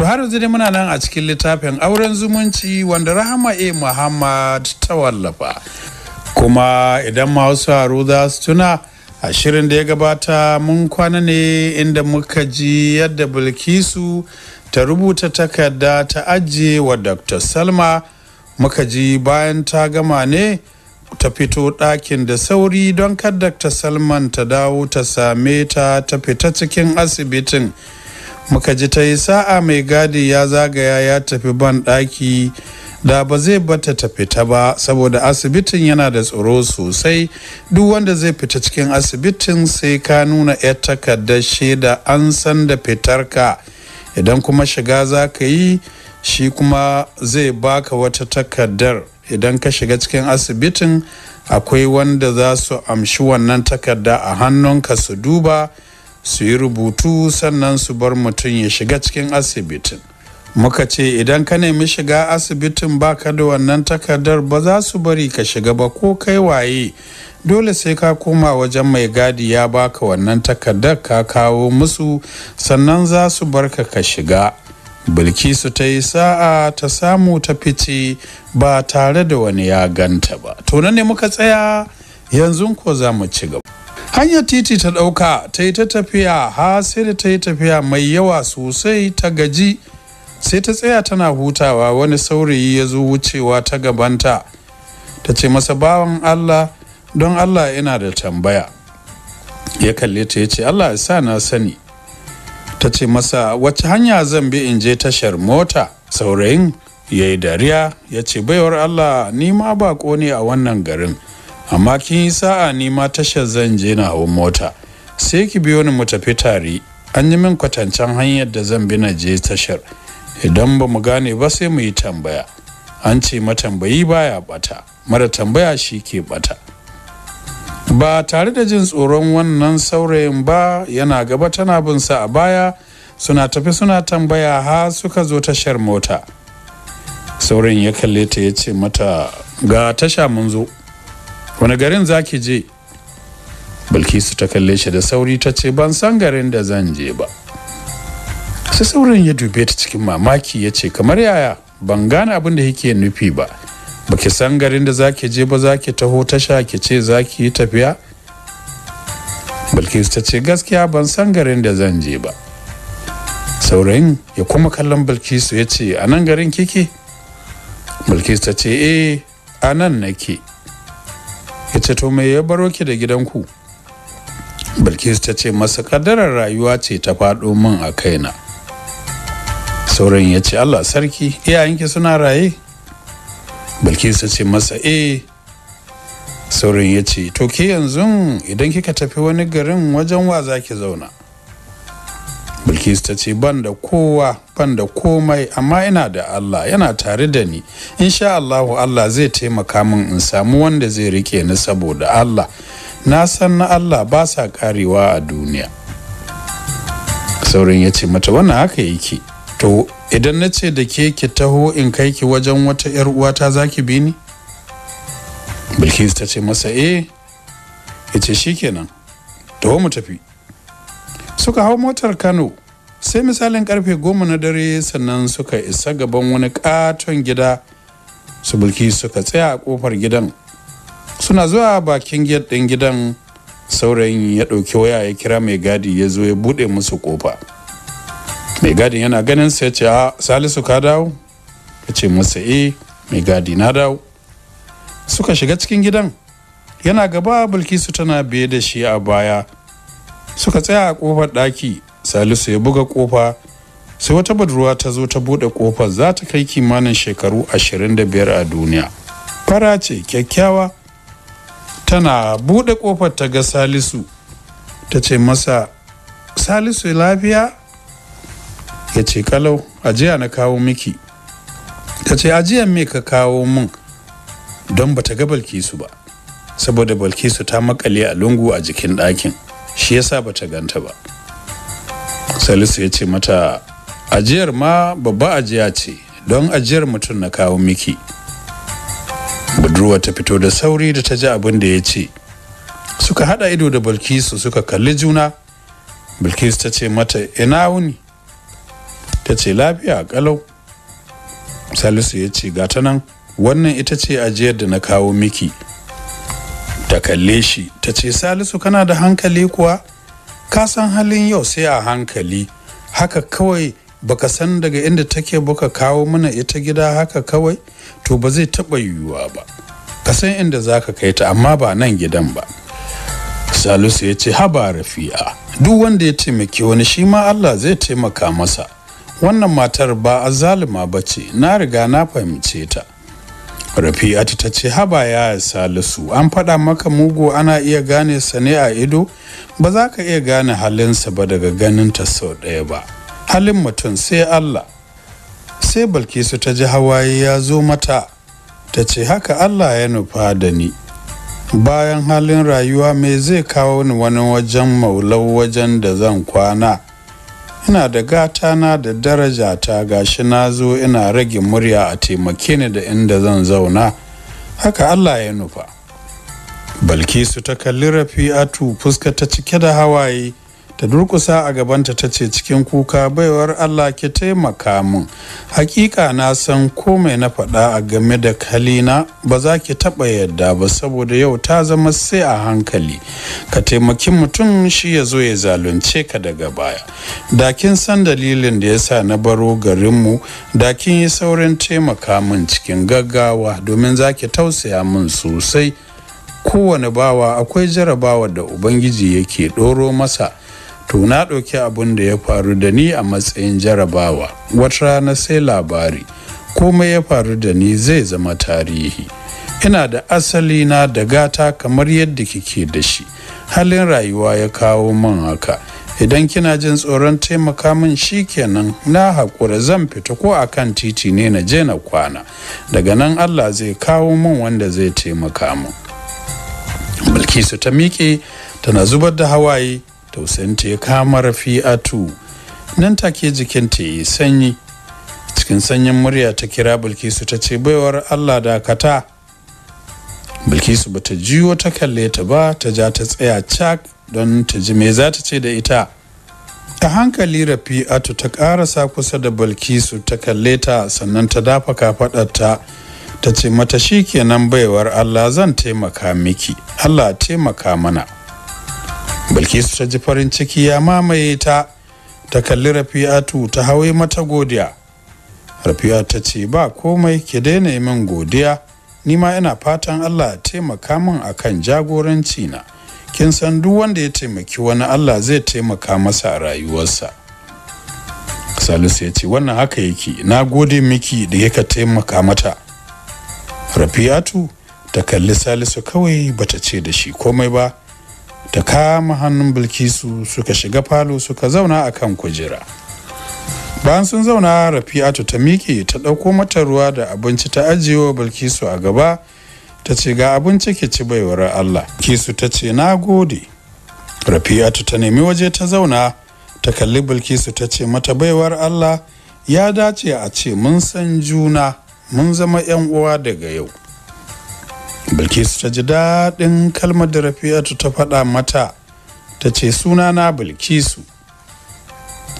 To har yanzu dai muna nan a cikin littafin auren zumunci wanda Rahama A. Muhammad ta wallafa. Kuma idan masu haru za su tuna a shirin da ya gabata mun kwana ne inda muka ji yadda Bilkisu ta rubuta takarda ta ajiye wa Dr. Salma muka ji bayan ta gama ne ta fito ɗakin da sauri don kar Dr. Salman ta dawo ta same ta ta fita cikin asibitin. muka ji ta yi sa'a mai gadi ya zagaya ya tafi ban ɗaki da ba zai bata ta fita ba saboda asibitin yana da tsaro sosai duk wanda zai fita cikin asibitin sai ka nuna 'yar takarda shaida an san da fitarka idan kuma shiga za ka yi shi kuma zai baka wata takardar idan ka shiga cikin asibitin akwai wanda za su amshi wannan takarda a hannunka su duba su yi rubutu sannan su bar mutum ya shiga cikin asibitin muka ce idan ka nemi shiga asibitin ba ka da wannan takardar ba za su bari ka shiga ba ko kai waye dole sai ka koma wajen mai gadi ya baka wannan takardar ka kawo musu sannan za su barka ka shiga bilkisu ta yi sa'a ta samu ta fice ba tare da wani ya ganta ba to ne muka tsaya yanzu ko za mu ci gaba hanyar titi ta ɗauka ta yi ta tafiya ha sai da ta yi tafiya mai yawa sosai ta gaji sai ta tsaya tana hutawa wani saurayi ya zo wucewa ta gabanta ta ce masa bawan allah don allah ina da tambaya ya kalle ta ya ce allah sa na sani ta ce masa wacce hanya zan bi in je tashar mota saurayin ya yi dariya ya ce baiwar allah ni ma bako ne a wannan garin amma kin yi sa'a ni ma tashar zan je na hawan mota sai ki biyo ni mu tafi tare an yi min kwatancen hanyar da zan bi na je tashar idan ba mu gane ba sai mu yi tambaya an ce matambayi baya bata mara tambaya shi ke bata ba tare da jin tsoron wannan saurayin ba yana gaba tana bin sa a baya suna tafi suna tambaya ha suka zo tashar mota saurayin ya kalle ta ya ce mata ga tasha mun zo wani garin zaki je bilkisu ta kalle shi da sauri ta ce ban san garin da zan je ba sai saurin ya dube ta cikin mamaki ya ce kamar yaya ban gane abin da yake nufi ba baki san garin da zaki je ba zaki taho tasha ki ce zaki yi tafiya bilkisu ta ce gaskiya ban san garin da zan je ba saurayin ya kuma kallon bilkisu ya ce a nan garin kike bilkisu ta ce eh a nan nake ce to me ya baro ki da gidanku bilkis ta ce masa kadarar rayuwa ce ta faɗo min a kaina sauran ya ce allah sarki iyayenki suna raye bilkis ta ce masa eh sauran ya ce to ke yanzu idan kika tafi wani garin wajen wa zaki zauna bilkis ta ce ban da kowa ban da komai amma ina da allah yana tare da ni insha allahu allah zai taimaka min in samu wanda zai rike ni saboda allah na san na allah ba sa karewa a duniya saurin ya ce mata wannan haka yake to idan na ce da ke ki taho in kai ki wajen wata 'yar uwata za ki bi ni bilkis ta ce masa eh ya ce shikenan to mu tafi suka hau motar kano sai misalin karfe goma na dare sannan suka isa gaban wani katon gida su bulki suka tsaya a kofar gidan suna zuwa bakin gate gidan saurayin ya ɗauki waya ya kira mai gadi ya zo ya buɗe musu kofa mai gadi yana ganin sai ce a ah, salisu ka dawo ya ce masa e mai gadi na dawo suka shiga cikin gidan yana gaba bilkisu tana biye da shi a baya suka tsaya a kofar ɗaki salisu ya buga kofa sai wata budurwa ta zo ta bude kofar za ta kai kimanin shekaru 25 a duniya fara ce kyakkyawa tana bude kofar ta ga salisu ta ce masa salisu lafiya ya ce kalau ajiya na kawo miki ta ce ajiyan me ka kawo mun don bata ga balkisu ba saboda balkisu ta makale a lungu a jikin ɗakin shi yasa bata ganta ba salisu ya ce mata ajiyar ma babba ajiya ce don ajiyar mutum na kawo miki budurwa ta fito da sauri da ta ji abin da ya ce suka hada ido da bilkisu suka kalli juna bilkisu ta ce mata ina wuni ta ce lafiya kalau salisu ya ce gata nan wannan ita ce ajiyar da na kawo miki ta kalle shi ta ce salisu kana da hankali kuwa ka san halin yau sai a hankali haka kawai baka san daga inda take baka kawo mana ita gida haka kawai to ba zai taɓa yiwuwa ba ka san inda za ka kai ta amma ba nan gidan ba salisu ya ce haba rafi'a duk wanda ya taimaki wani shi ma allah zai taimaka masa wannan matar ba a zalima ba ce na riga na fahimce ta rafi'atu ta ce haba ya salisu an faɗa maka mugu ana iya gane sa ne a ido ba za ka iya gane halinsa ba daga ganin ta sau ɗaya ba halin mutum sai allah sai balkisu ta ji hawaye ya zo mata ta ce haka allah ya nufa da ni bayan halin rayuwa me zai kawo ni wani wajen maulau wajen da zan kwana ina da gata na da daraja ta gashi na zo ina rage murya a taimake ni da inda zan zauna haka allah ya nufa balki su ta kalli rafi'atu fuska ta cike da hawaye ta durkusa a gabanta ta ce cikin kuka baiwar allah ke taimaka mun hakika na san komai na faɗa a game da halina ba za ki taɓa yadda ba saboda yau ta zama sai a hankali ka taimaki mutum shi ya zo ya zalunce ka daga baya da kin san dalilin da ya sa na baro garinmu da kin yi saurin taimaka mun cikin gaggawa domin za ki tausaya min sosai kowane bawa akwai jarabawa da ubangiji yake ɗoro masa to na ɗauki abin da ya faru da ni a matsayin jarabawa wata rana sai labari komai ya faru da ni zai zama tarihi ina da asali na da gata kamar yadda kike da shi halin rayuwa ya kawo mun haka idan kina jin tsoron taimaka min kenan na haƙura zan fita ko a kan titi ne na je na kwana daga nan allah zai kawo min wanda zai taimaka min bilkisu ta miƙe tana zubar da hawaye ta ya kama rafi'atu nan take jikinta ya yi sanyi cikin sanyin murya ta kira bilkisu ta ce baiwar allah dakata bilkisu ba ta jiyo ta kalle ta ba ta ja ta tsaya cak don ta ji me za ta ce da ita ta hankali rafi'atu ta karasa kusa da bilkisu ta kalle ta sannan ta dafa kafaɗarta ta ce mata shi kenan baiwar allah zan taimaka miki allah taimaka mana bilkisu ta ji farin ciki ya mamaye ta ta kalli rafi'atu ta hawe mata godiya rafi'a ta ce ba komai ke daina min godiya ni ma ina fatan allah taimaka min akan jagoranci na kin san duk wanda ya taimaki wani allah zai taimaka masa a rayuwarsa salisu ya ce wannan haka yake na gode miki da yaka taimaka mata rafi'atu ta kalli salisu kawai bata ce da shi komai ba ta kama hannun bilkisu suka shiga falo suka zauna a kan kujera bayan sun zauna rafi'atu ta miƙe ta ɗauko mata ruwa da abinci ta ajiyewa bilkisu a gaba ta ce ga abinci ke ci baiwar allah kisu ta ce na gode rafi'atu ta nemi waje ta zauna ta kalli bilkisu ta ce mata baiwar allah ya dace a ce mun san juna mun zama 'yan uwa daga yau bilkisu ta ji daɗin kalmar da rafi'atu ta faɗa mata ta ce suna na bilkisu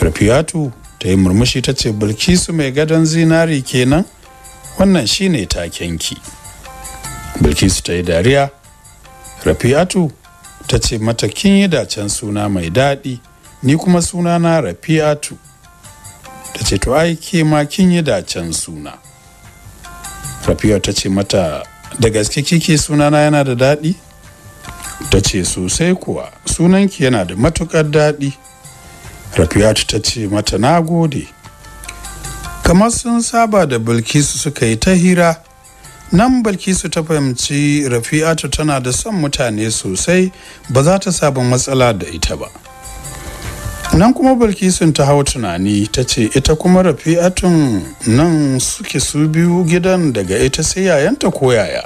rafi'atu ta yi murmushi ta ce bilkisu mai gadon zinari kenan wannan shine takenki bilkisu ta yi dariya rafi'atu ta ce mata kin yi dacen suna mai daɗi ni kuma suna na rafi'atu ta ce to ai ke ma kin yi dacen suna rafi'atu ta ce mata da gaske kike sunana yana da daɗi ta ce sosai kuwa sunanki yana da matukar daɗi rafiyatu ta ce mata na gode kamar sun saba da bilkisu suka yi ta hira nan bilkisu ta fahimci rafi'atu tana da son mutane sosai ba za ta sabon matsala da ita ba nan kuma bilkisun ta hau tunani ta ce ita kuma rafi'atun nan suke su biyu gidan daga ita sai yayanta ko yaya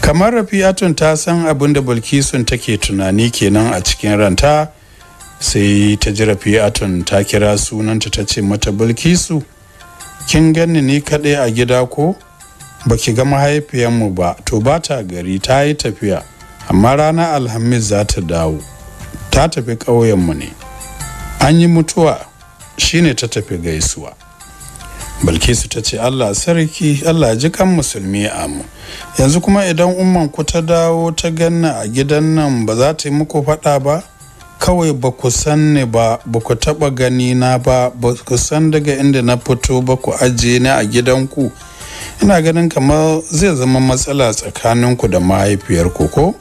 kamar rafi'atun ta san abin da bilkisun take tunani kenan a cikin ranta sai ta ji rafi'atun ta kira sunanta ta ce mata bilkisu kin gani ni kaɗai a gida ko ba ki ga mahaifiyanmu ba to ba ta gari ta yi tafiya amma ranar alhamis za ta dawo ta tafi ƙauyenmu ne an yi mutuwa shine ta tafi gaisuwa balkisu ta ce allah sarki allah ji kan musulmi amu yanzu kuma idan umman ku ta dawo ta ganna a gidan nan ba za ta yi muku faɗa ba kawai ba ku san ni ba ba ku taɓa gani na ba ba ku san daga inda na fito ba ku ajiye ni a gidanku ina ganin kamar zai zama matsala tsakaninku da mahaifiyarku ko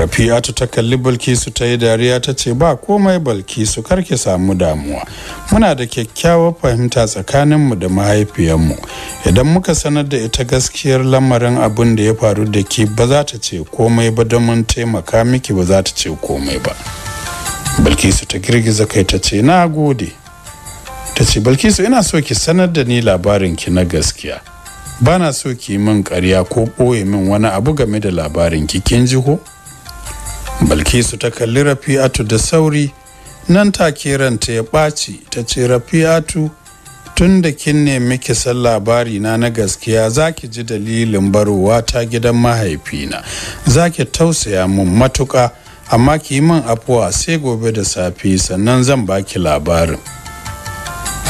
rafi'atu ta kalli balkisu ta yi dariya ta ce ba komai balkisu karki samu damuwa muna da kyakkyawar fahimta tsakaninmu da mahaifiyarmu idan muka sanar da ita gaskiyar lamarin abin da ya faru da ke ba za ta ce komai ba don mun taimaka miki ba za ta ce komai ba balkisu ta girgiza kai ta ce na gode ta ce balkisu ina so ki sanar da ni labarin ki na gaskiya bana so ki yi min karya ko ɓoye min wani abu game da labarin ki kin ji ko su ta kalli rafi'atu da sauri nan take ranta ya ɓaci ta ce rafi'atu tun da kin nemi kisan labari na na gaskiya za ki ji dalilin barowa ta gidan mahaifina za ki tausaya mun matuka amma ki yi min afuwa sai gobe da safe sannan zan baki labarin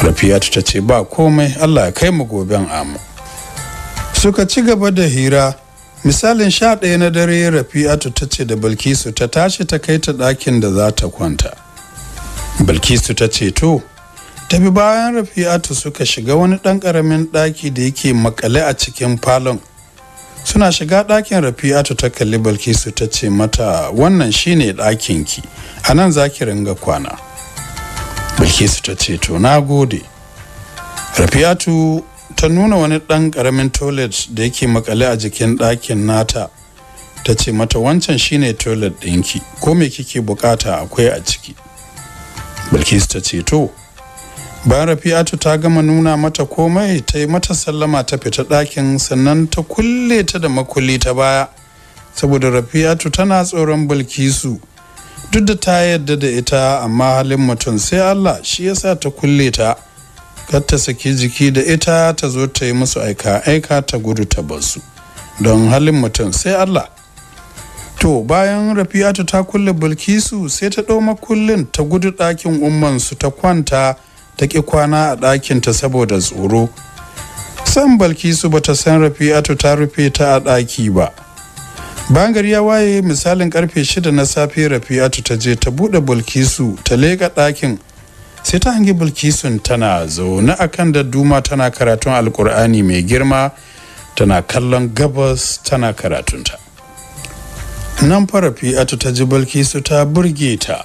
rafi'atu ta ce ba komai allah ya kai mu goben amu suka ci gaba da hira misalin sha ɗaya na dare rafi'atu ta ce da bilkisu ta tashi ta kai ta ɗakin da za ta kwanta bilkisu ta ce to tafi bayan rafi'atu suka shiga wani ɗan ƙaramin ɗaki da yake makale a cikin falon suna shiga ɗakin rafi'atu ta kalli bilkisu ta ce mata wannan shine ɗakinki a nan za ki ringa kwana bilkisu ta ce to na gode rafi'atu ta nuna wani ɗan karamin toilet da yake makale a jikin ɗakin nata ta ce mata wancan shine toilet ɗinki ko me kike bukata akwai a ciki bilkisu ta ce to bayan rafi'atu ta gama nuna mata komai ta yi mata sallama ta fita ɗakin sannan ta kulle ta da makulli ta baya saboda rafi'atu tana tsoron bilkisu duk da ta yadda da ita amma halin mutum sai allah shi yasa ta kulle ta kar ta saki jiki da ita ta zo ta yi musu aika aika ta gudu ta basu don halin mutum sai allah to bayan rafi'atu ta kulle bilkisu sai ta ɗau makullin ta gudu ɗakin su ta kwanta ta ƙi kwana a ɗakinta saboda tsoro san bilkisu ba ta san rafi'atu ta rufe ta a ɗaki ba bangar ya waye misalin karfe shida na safe rafi'atu ta je ta buɗe bilkisu ta leƙa ɗakin sai ta hangi bilkisun tana zaune akan da duma tana karatun alkur'ani mai girma tana kallon gabas tana karatunta nan farafi fi'atu ta ji bilkisu ta burge ta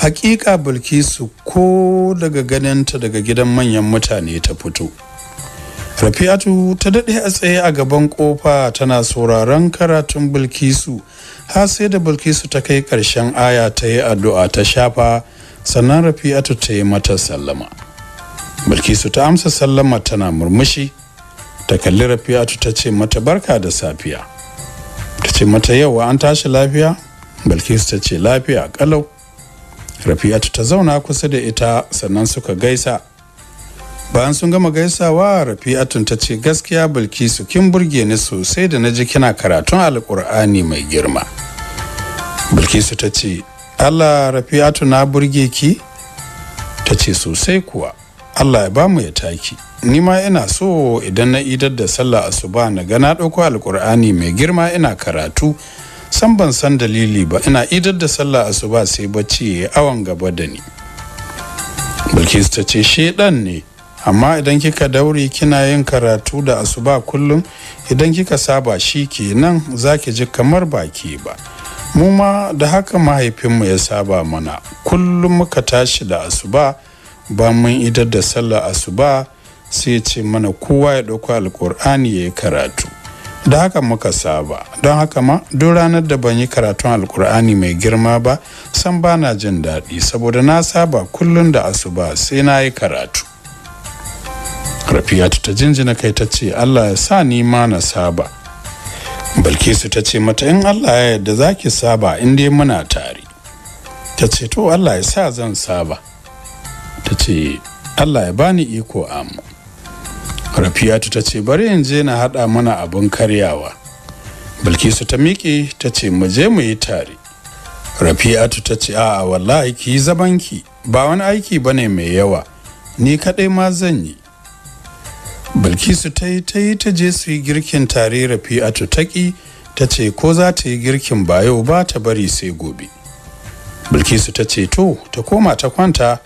hakika bilkisu ko daga ganinta daga gidan manyan mutane ta fito rafi'atu ta daɗe a tsaye a gaban kofa tana sauraron karatun bilkisu har sai da bilkisu ta kai ƙarshen aya ta yi addu'a ta shafa sannan rafi'atu ta yi mata sallama bilkisu ta amsa sallama tana murmushi ta kalli rafi'atu ta ce mata barka da safiya ta ce mata yau an tashi lafiya bilkisu ta ce lafiya kalau rafi'atu ta zauna kusa da ita sannan suka gaisa bayan sun gama gaisawa rafi'atun ta ce gaskiya bilkisu kin burge ni sosai da na ji kina karatun alkur'ani mai girma bilkisu ta ce allah rafi'atu na burge ki ta ce sosai kuwa allah ya bamu ya taki ni ma ina so idan na idar da sallah asuba na ga na ɗauko alkur'ani mai girma ina karatu san ban san dalili ba ina idar da sallah asuba sai bacci ya awon gaba da ni bilkis ta ce shedan ne amma idan kika daure kina yin karatu da asuba kullum idan kika saba shi kenan ki ji kamar baki ba mu ma da haka mahaifinmu ya saba mana kullum muka tashi da asuba ba mun idar da sallah asuba sai ce mana kowa ya ɗauko alkur'ani ya yi karatu da haka muka saba don haka ma duk ranar da ban yi karatun alkur'ani mai girma ba san ba na jin daɗi saboda na saba kullum da asuba sai na yi karatu rafiyatu ta jinjina kai ta ce allah ya sa ni ma na saba bilkisu ta ce mata in allah ya yarda za ki saba in dai muna tare ta ce to allah ya sa zan saba ta ce allah ya bani iko amma rafiyatu ta ce bari in je na haɗa mana abin karyawa bilkisu ta miƙe ta ce mu je mu yi tare rafi'atu ta ce a'a wallahi ki zabanki ba wani aiki bane mai yawa ni kaɗai ma zan yi bilkisu ta yi ta yi ta je su yi girkin tare rafi'atu taƙi ta ce ko za ta yi girkin ba yau ba ta bari sai gobe bilkisu ta ce to ta koma ta kwanta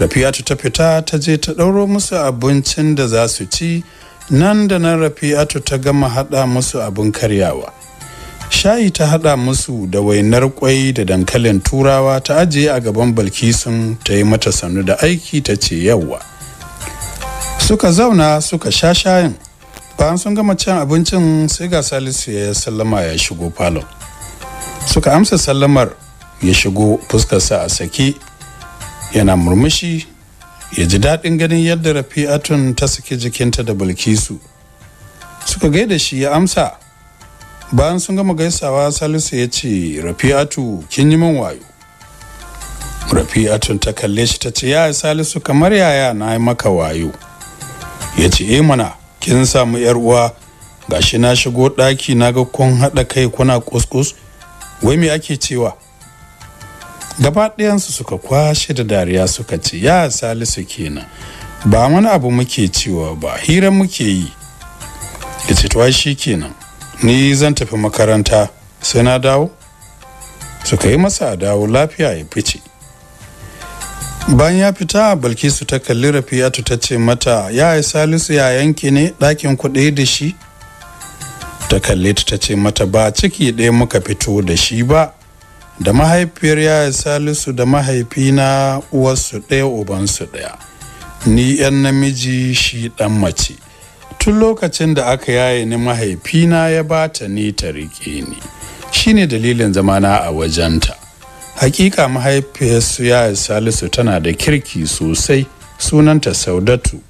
rafi'atu ta fita ta je ta ɗauro musu abincin da za su ci nan da nan rafi'atu ta gama haɗa musu abin karyawa shayi ta haɗa musu da wainar kwai da dankalin turawa ta ajiye a gaban bilkisun ta yi mata sannu da aiki ta ce yawwa suka zauna suka sha shayin bayan sun gama cin abincin sai ga salisu ya sallama ya shigo falon suka amsa sallamar ya shigo fuskarsa a sake yana murmushi ya ji daɗin ganin yadda rafi'atun ta saki jikinta da bilkisu suka gaida shi ya amsa bayan sun gama gaisawa salisu ya ce rafi'atu kin yi min wayo rafi'atun ta kalle shi ta ce ya salisu kamar yaya na yi maka wayo ya ce e mana kin samu yar uwa gashi na shigo ɗaki na ga kun haɗa kai kuna kuskus wai me ake cewa gaba ɗayansu suka kwashe da dariya suka ce ya salisu kenan ba mana abu muke cewa ba hira muke yi ya ce to shi kenan ni zan tafi makaranta sai na dawo suka yi masa dawo lafiya ya fice bayan ya fita balkisu ta kalli rafiyatu ta ce mata ya yi salisu ya yanki ne ɗakin kuɗi da shi ta kalli ta ce mata ba ciki ɗaya muka fito da shi ba da mahaifiyar ya yi salisu da mahaifina uwarsu ɗaya ubansu ɗaya ni yan namiji shi ɗan mace tun lokacin da aka yaye ni mahaifina ya bata ni ta riƙe ni shine dalilin zamana a wajenta hakika mahaifiyarsu ya salisu tana da kirki sosai sunanta saudatu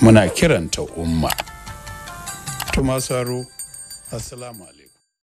muna kiranta umma tumasaro assalamu alaikum